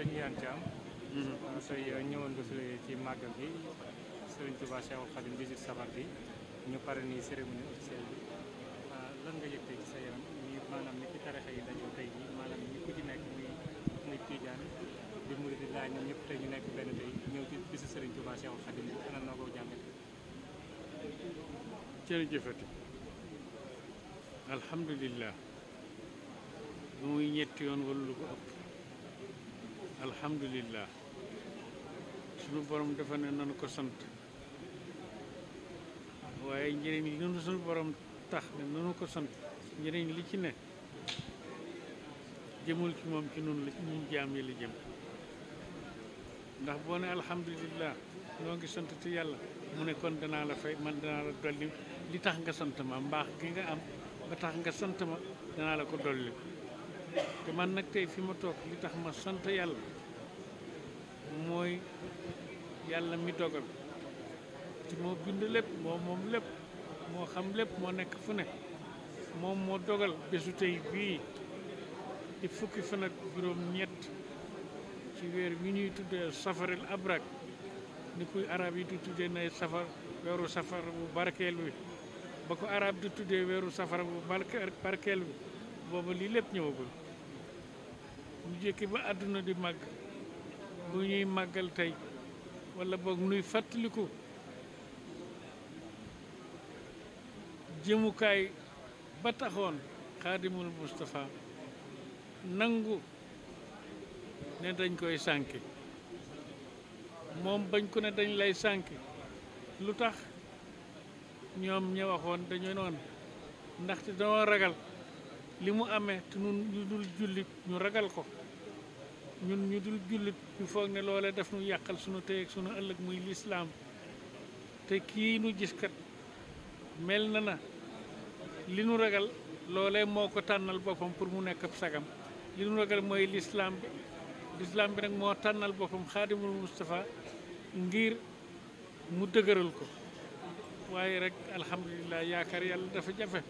sëñ Yane Thiam. Euh, tey euh, ñëwoon nga ci màggal gi Serigne Touba Cheikhoul Khadim 18 safar gi ñu pare nii cérémonie officielle euh, lan nga yëg tey sa yaram ni maanaam ni ci tarixa yi dajoo tey jii maanaam ñi ku ci nekk muy muy mu di murid laa ñoom ñëpp tey ñu nekk benn tey ñëw ci bisu Serigne Touba Cheikhoul Khadim bi ana noo ko jàngate. jërëjëfati alhamdulilah muy ñetti yoon wala lu ko ëpp. alhamdulillah sunu borom dafa ne nanu ko sant waaye njëriñ li nunu sunu borom tax ne nanu ko sant njëriñ li ci ne jëmul ci moom ci nun la ñun jaam yi la jëm ndax boo ne alhamdulillah noo ngi sant te yàlla mu nekkoon danaa la fay man danaa la dolli li tax nga sant ma mbaax gi nga am ba tax nga sant ma danaa la ko dolli te man nag tey fi ma toog li tax ma sant yàlla mooy yàlla mi dogal ci moo bind lépp moo moom lépp moo xam lépp moo nekk fu ne moom moo dogal bésu tey bii di fukki fan ak juróom ñett ci weer wi ñuy tuddee safaril abrak ni kuy arab yi di tuddee nay safar weeru safar bu barkeel wi ba ko arab di tuddee weeru safar bu barkeel wi booba lii lépp ñëwagul bu jëkk ba àdduna di màgg bu ñuy màggal tey walla boog nuy fàttaliku jëmukaay ba taxoon xaadimul Moustapha nangu ne dañ koy sànki moom bañ ko ne dañ lay sànki lu tax ñoom ña waxoon dañu noon ndaxte dañoo ragal li mu amee te ñun ñu dul jullit ñu ragal ko ñun ñu dul jullit ñu foog ne loole daf ñu yàqal sunu tey ak sunu ëllëg muy lislaam te kii nu giskat kat mel na na li nu ragal loole moo ko tànnal boppam pour mu nekk ab sagam li nu ragal mooy lislaam bi lislaam bi nag moo tànnal boppam xaadimul Moustapha ngir mu dëgëral ko waaye rek alhamdulilah yaakaar yàlla dafa jafe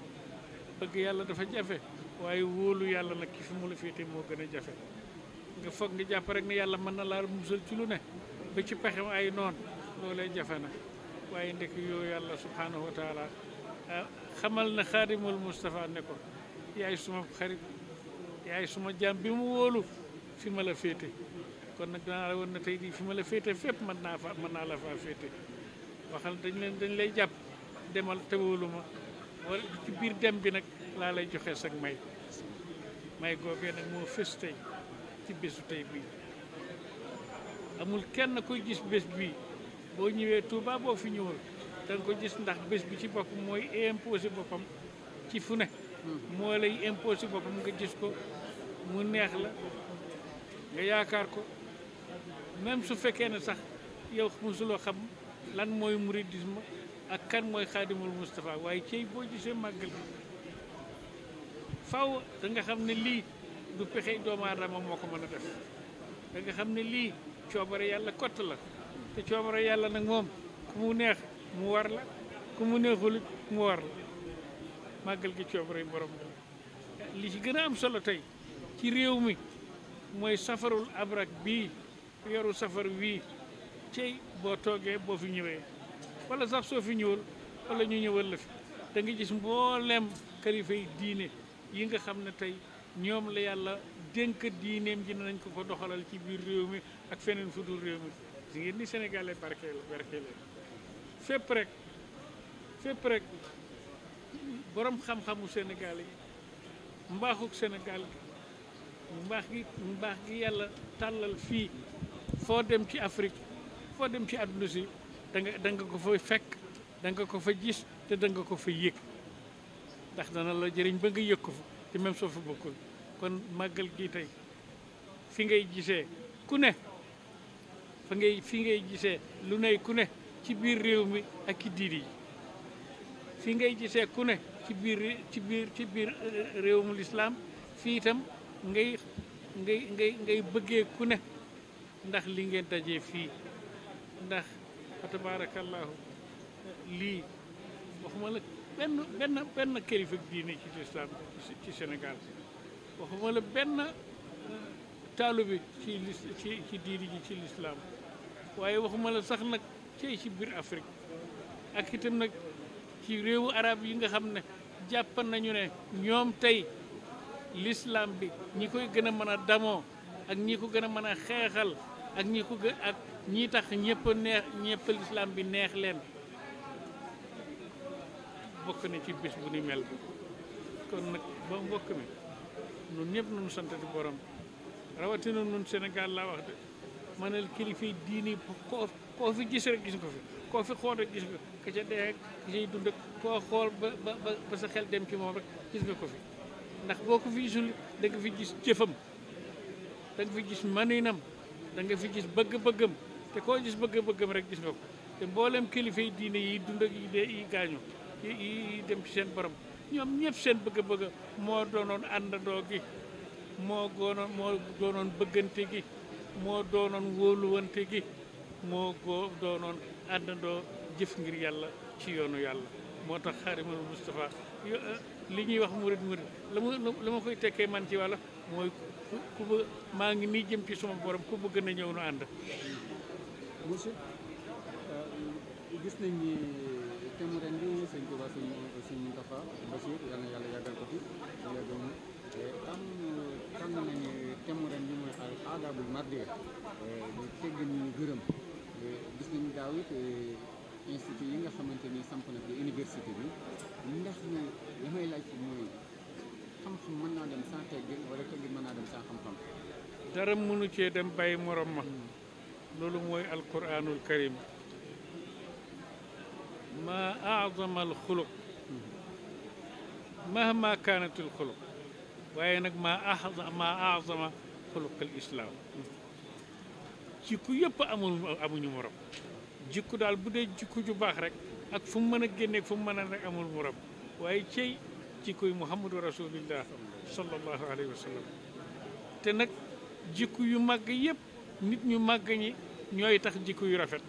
bëgg yàlla dafa jafe waaye wóolu yàlla nag ki fi mu la féete moo gën a jafe nga foog nga jàpp rek ne yàlla mën na laa musal ci lu ne ba ci pexem ay noon loolee jafe na waaye ndek yoo yàlla subhaanahu wa taala xamal na xaadimul Moustapha ne ko yaay suma xarit yaay suma jaam bi mu wóolu fi ma la féete kon nag danaa la woon tey jii fi ma la féete fépp mën naa fa mën naa la faa féete waxal dañ lay jàpp demal te wóolu wala ci biir dem bi nag laa lay joxe sag may may googee nag moo fës tey ci bésu tey bii amul kenn koy gis bés bii boo ñëwee Touba fi ñëwul da ko gis ndax bés bi ci bopp mooy imposé boppam ci fu ne mm-hmm. moo lay imposé boppam nga gis ko mu neex la nga yaakaar ko même su fekkee ne sax yow mosuloo xam lan mooy mouridisme ak kan mooy xaadimul Moustapha waaye cey boo gisee màggal gi faw da nga xam ne lii du pexe doomu aadama moo ko mën a def da nga xam ne lii coobare yàlla kott la te coobare yàlla nag moom ku mu neex mu war la ku mu neexulit mu war la màggal gi coobare borom li ci gën a am solo tey ci réew mi mooy safarul abrak bii yoru safar wii cey boo toogee boo fi ñëwee wala sax soo fi ñëwal wala ñu ñëwal la fi danga nga gis mboolem kalifa yi diine yi nga xam ne tey ñoom la yàlla dénk diineem ji nañ ko ko doxalal ci biir réew mi ak feneen fu dul réew mi si ngeen ni sénégalais barkeel barkeel fépp rek fépp rek boroom xam-xamu sénégal yi mbaaxuk sénégal gi mbaax gi mbaax gi yàlla tàllal fii foo dem ci afrique foo dem ci àdduna si danga da nga ko fa fekk da nga ko fa gis te da nga ko fa yëg ndax dana la jëriñ ba nga yëg ko fa te même soo fa bokkul kon màggal gi tey fi ngay gisee ku ne fa ngay fi ngay gisee lu ne ku ne ci biir réew mi ak ci diir fi ngay gisee ku ne ci biir ci biir ci biir euh, réewum lislaam fii itam ngay ngay ngay ngay bëggee ku ne ndax li ngeen dajee fii ndax fa tabaarakallaahu lii waxuma la benn benn benn kilifa diine ci lislaam ci Sénégal waxuma la benn euh, taalu bi ci lislaam waaye waxuma la sax nag cey ci biir Afrique ak itam nag ci réewu arab yi nga xam ne jàpp nañu ne ñoom tey lislaam bi ñi koy gën a mën a ak ñi ko gën a mën a xeexal ak ñi ko gë ak ñii tax ñëpp neex ñëpp lislaam bi neex leen bokk na ci bis bu ni mel kon nag ba mbokk mi nun ñëpp nun santati borom rawatina nun Sénégal laa wax de manal kilifa yi diini koo koo fi gis rek gis ko fi koo fi xool rek gis nga ka xel dem ci gis nga ko fi ndax boo ko fi gisul da fi gis jëfam da fi gis maninam da nga fi gis bëgg-bëggam te koo gis bëgg-bëggam rek gis nga ko te mbooleem kilifa yi diine yi dund ak yi dee yi gaañu yi dem ci seen borom ñoom ñëpp seen bëgg-bëgg moo doonoon àndandoo gi moo goonoon moo doonoon bëggante gi moo doonoon wóoluwante gi moo goo doonoon àndandoo jëf ngir yàlla ci yoonu yàlla moo tax xaarimal Moustapha li ñuy wax murid murid la ma la ma koy tekkee man ci wàlla mooy ku bëgg maa ngi nii jëm ci sama borom ku bëgg na ñëw nu ànd. Euh, gis nañ ni thème ren bi sëñ Touba sëñ sëñ Moustapha Bachir yàlla yàggal ko fi yàggal mu am xam nañ ne thème ren bi mooy aadaabul mardir euh, ñu gërëm gis nañ daaw it euh, institut yi nga xamante ni samp na fi université bi ndax li may laaj mooy. xam-xam naa dem sans teggin wala teggin mën naa dem sans xam-xam. dara mënu cee dem bàyyi morom ma loolu mooy alquranul karim ma azamal xuluq mahma kaanatul xuluq waaye nag ma a ma azama islaam jikku yëpp amul amuñu morom jikku daal bu dee jikku ju baax rek ak fu mu mën a génneeg fu mu mën a rek amul morom waaye cey jikkoy muhammadu rasulillah sallallahu alayhi wa sallam te nag jikko yu màgg yépp nit ñu màgg ñi ñooy tax jikko yu rafet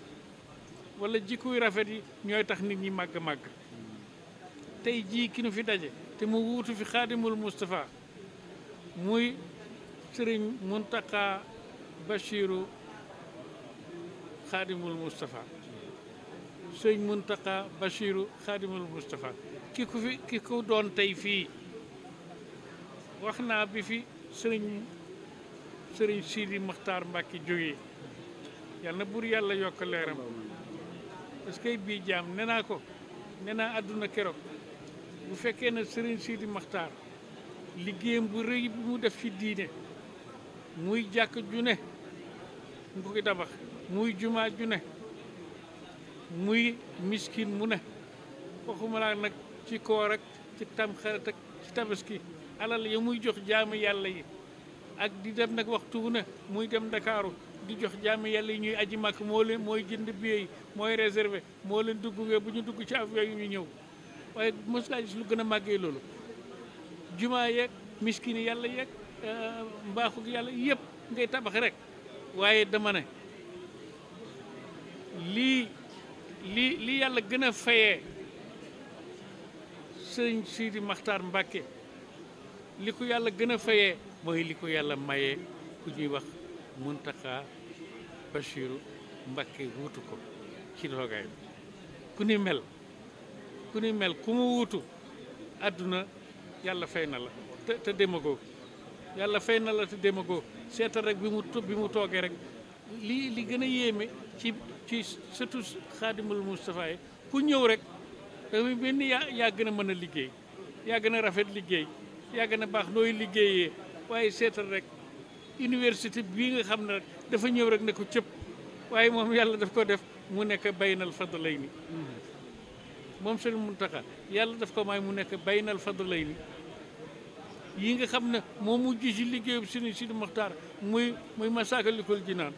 wala jikko yu rafet yi ñooy tax nit ñi màgg màgg tey jii ki nu fi daje te mu wuutu fi xaadimul Moustapha muy sëriñ Muntaqa Bachiru xaadimul Moustapha sëriñ Muntaqa Bachiru xaadimul Moustapha ki ku fi ki ku doon tey fii wax naa bi fi sëriñ sëriñ Sidi maxtar Mbàkke jógee yàlla na buur yàlla yokk leeram parce que bii jaam nee naa ko nee naa àdduna keroog bu fekkee ne sëriñ Sidi Maxtaar liggéeyam bu rëy bi mu def ci diine muy jàkk ju ne mu ko tabax muy jumaa ju ne muy miskin mu ne waxuma laa nag ci koor ak ci tamxarit ak ci tabaski alal ya muy jox jaami yàlla yi ak di dem nag waxtu wu ne muy dem ndakaaru di jox jaami yàlla yi ñuy aji màkk moo leen mooy jënd billet yi mooy réservé moo leen dugg bu ñu dugg ci avion yi ñu ñëw waaye mos laa gis lu gën a màggee loolu jumaa yeeg miskin yàlla yeeg euh, mbaaxu yàlla yëpp ngay tabax rek waaye dama ne lii lii lii yàlla gën a fayee sëñ Sidi maxtar Mbàkke li ko yàlla gën a fayee mooy li ko yàlla mayee ku ñuy wax Muntaxa Bachiru Mbàkke wuutu ko ci toogaay bi ku ni mel ku ni mel ku mu wuutu àdduna yàlla fay na la te te demagoo yàlla fay na la te demagoo seetal rek bi mu bi mu toogee rek li li gën a yéeme ci ci surtout xaadimul ku ñëw rek réew mi benn yaa yàgg na mën a liggéey yàgg na rafet liggéey yàgg na baax nooy liggéeyee waaye seetal rek université bii nga xam ne dafa ñëw rek ne ko cëpp waaye moom yàlla daf ko def mu nekk baynal fadlayni moom seen Muntaxa yàlla daf ko may mu nekk baynal fadlayni yi nga xam ne moo mujj ci liggéeyub Sëriñ Sidi Moxtaar muy muy Masaalikul naan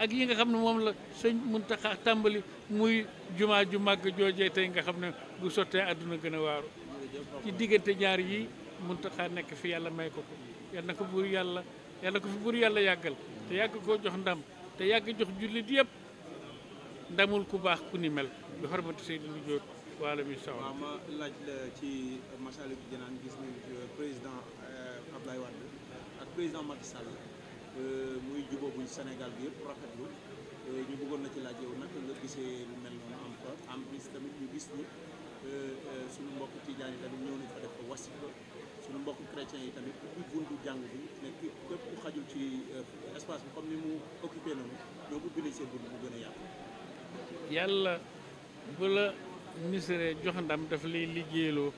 ak yi nga xam ne moom la sëñ Muntaxa tàmbali muy jumaa ju màgg joojee tey nga xam ne bu sottee àdduna gën a waaru ci diggante ñaar yi Muntaxa nekk fi yàlla may ko ko yal na yàlla yàlla ko fi buur yàlla yàggal te yàgg koo jox ndam te yàgg jox jullit yëpp ndamul ku baax ku ni mel bi xormatu Seydi Lu Jóot waala mi saw ma laaj la ci Masaalikul Jinaan gis ni euh, président euh, Ablaye Wade ak président Macky Sall euh, muy Euh, ñu bëggoon na ci laaj yow naka nga gisee lu mel noonu encore en plus tamit ñu gis ni euh, euh, suñu mbokk tijaan yi tamit ñëw nañ fa suñu mbokk chrétien yi tamit ubbi buntu jàng bi ne képp ku ci espace bi comme ni mu occupé noonu ñoom ubbi nañ seen bunt bu gën a yàqu yàlla bu la miséré jox ndam daf lay liggéeyloo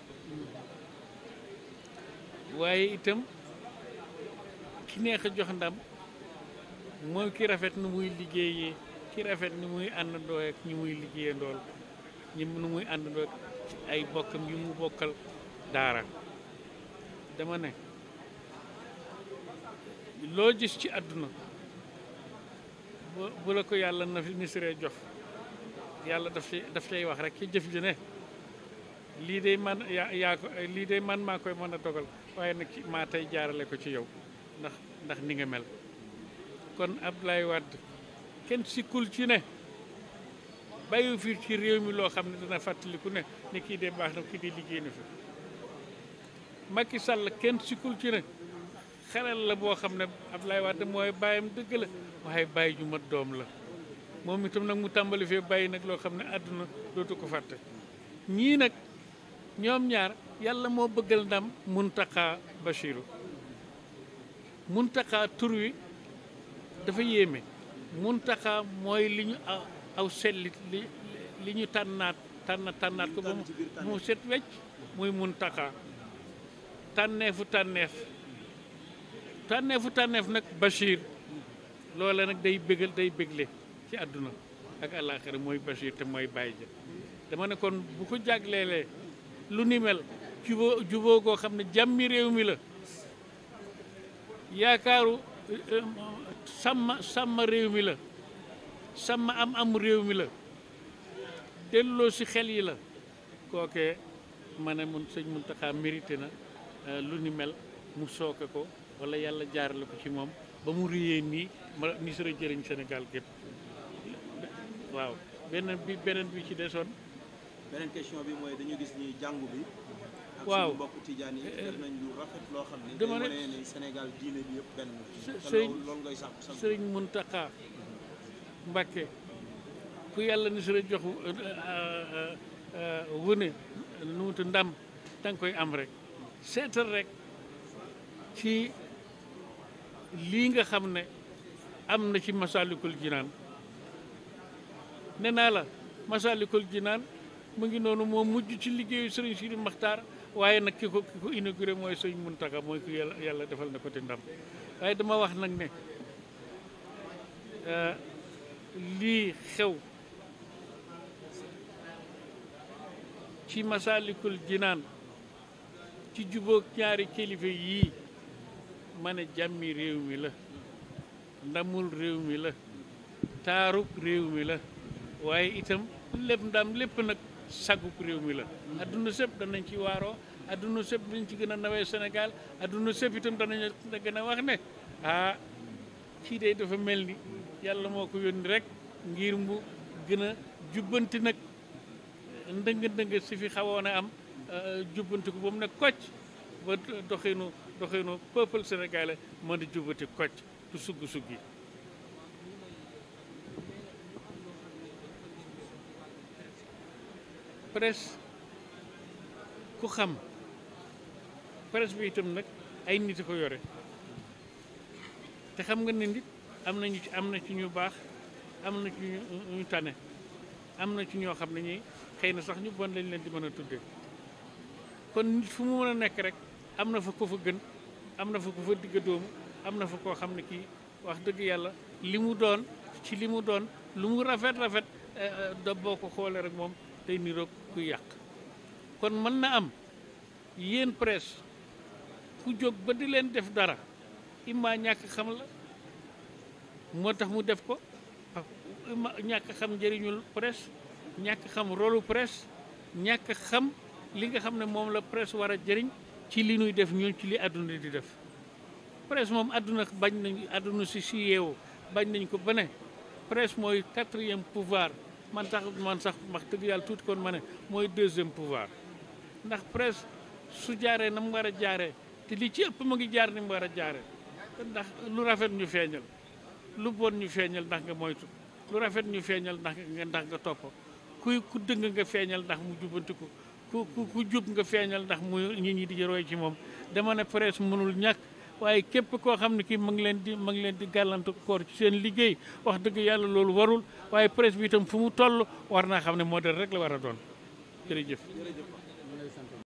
waaye itam ki neex a jox ndam mooy ki rafet nu muy liggéeyee ki rafet nu muy àndandoo ak ñi muy liggéeyandool ndool ñi nu muy àndandoo ci ay bokkam yu mu bokkal daara dama ne loo gis ci àdduna bu la ko yàlla na ministre jox yàlla daf cay daf cay wax rek ci jëf ji ne lii de man yaa yaa ko lii day man maa koy mën a dogal waaye nag maa tey jaarale ko ci yow ndax ndax ni nga mel kon Abdoulaye Wade kenn sikkul ci ne bàyyi fi ci réew mi loo xam ne dana fàttaliku ne ni kii de baax na kii de liggéey na fi Macky Sall kenn sikkul ci ne xelal la boo xam ne Abdoulaye Wade mooy bàyyam dëgg la waaye bàyyi ju mat doom la moom itam nag mu tàmbali fee bàyyi nag loo xam ne àdduna dootu ko fàtte ñii nag ñoom ñaar yàlla moo bëggal ndam Muntaqa Bachiru Muntaqa tur wi dafa yéeme muntaxa mooy li ñu aw sellit li li ñu tànnaat tànn tànnaat ko ba mu set wecc muy muntaxa tànneefu tànneef tànneefu tànneef nag Bachir loole nag day bégal day bégle ci àdduna ak àllaaxira mooy Bachir te mooy bàyyi ja dama ne kon bu ko jagleelee lu ni mel juboo juboo goo xam ne jàmmi réew mi la yaakaaru sàmm sàmm réew mi la sàmm am am réew mi la delloo si xel yi la kooke ma ne mun sëñ Muntaxa mérité na euh, lu ni mel mu sooke ko wala yàlla jaarale ko ci moom ba mu réyee nii ma ni sara jëriñ senegal gépp waaw beneen bi beneen bi ci desoon beneen question bi mooy dañu gis ni jàngu bi waaw mbokk tijaan yi def nañ lu rafet loo xam ne dama ne Sénégal diine bi yëpp benn loolu ngay sax sëriñ mhm. Mbàkke ku yàlla ni sëriñ jox euh, euh, euh, wune nuutu ndam danga koy am rek seetal rek ci lii nga xam ne am na ci ji naan ne naa la ji naan mu ngi noonu moo mujj ci liggéeyu sëriñ Sidi Maxtaar waaye nag ki ko ki ko inauguré mooy sëñ Muntaxa mooy ku yàlla defal na ko te ndam waaye dama wax nag ne euh, lii xew ci Masaalikul Jinaan ci jubóog ñaari kilifa yii ma ne jàmmi réew mi la ndamul réew mi la taarug réew mi la waaye itam lépp ndam lépp nag sagguk réew mi la adduna sëpp danañ ci waaroo adduna sëpp danañ ci gën a nawee Sénégal adduna sëpp itam danañ a gën a wax ne ah kii de dafa mel ni yàlla moo ko yónni rek ngir mu gën a jubbanti nag ndëng-ndëng si fi xawoon a am euh, jubbanti ko ba mu ne kocc ba doxinu doxinu peuple sénégalais mën a jubbati kocc du sugg-sugg presse ku xam presse bi itam nag ay nit a ko yore te xam nga ne nit am na ñu ci am na ci ñu baax am na ci ñu tane am na ci ñoo xam ne ñi xëy na sax ñu bon lañ leen di mën a tuddee kon nit fu mu mën a nekk rek am na fa ko fa gën am na fa ko fa digg doomu am na fa koo xam ne kii wax dëgg yàlla li mu doon ci li mu doon lu mu rafet rafet eh, eh, da boo ko xoolee rek moom tey niroog ku yàq kon mën na am yéen presse ku jóg ba di leen def dara imma ñàkk xam la moo tax mu def ko imma ñàkk xam njëriñul presse ñàkk xam rolu presse ñàkk xam li nga xam ne moom la presse war a jëriñ ci li nuy def ñun ci li àdduna di def presse moom àdduna bañ nañ àdduna si si yeewu bañ nañ ko ba ne mooy quatrième pouvoir man sax man sax max dëgg yàlla tuuti kon ma ne mooy deuxième pouvoir ndax presse su jaaree na mu war a jaaree te li ci ëpp ma ngi jaar ni mu war a jaaree ndax lu rafet ñu feeñal lu bon ñu feeñal ndax nga moytu lu rafet ñu feeñal ndax nga ndax nga topp kuy ku dëng nga feeñal ndax mu jubbantiku ku ku jub nga feeñal ndax mu nit ñi di roy ci moom dama ne presse mënul ñàkk. waaye képp koo xam ne kii ma ngi leen di ma ngi leen di gàllankoor ci seen liggéey wax dëgg yàlla loolu warul waaye presse bi itam fu mu toll war naa xam ne moo modèle rek la war a doon jërëjëf.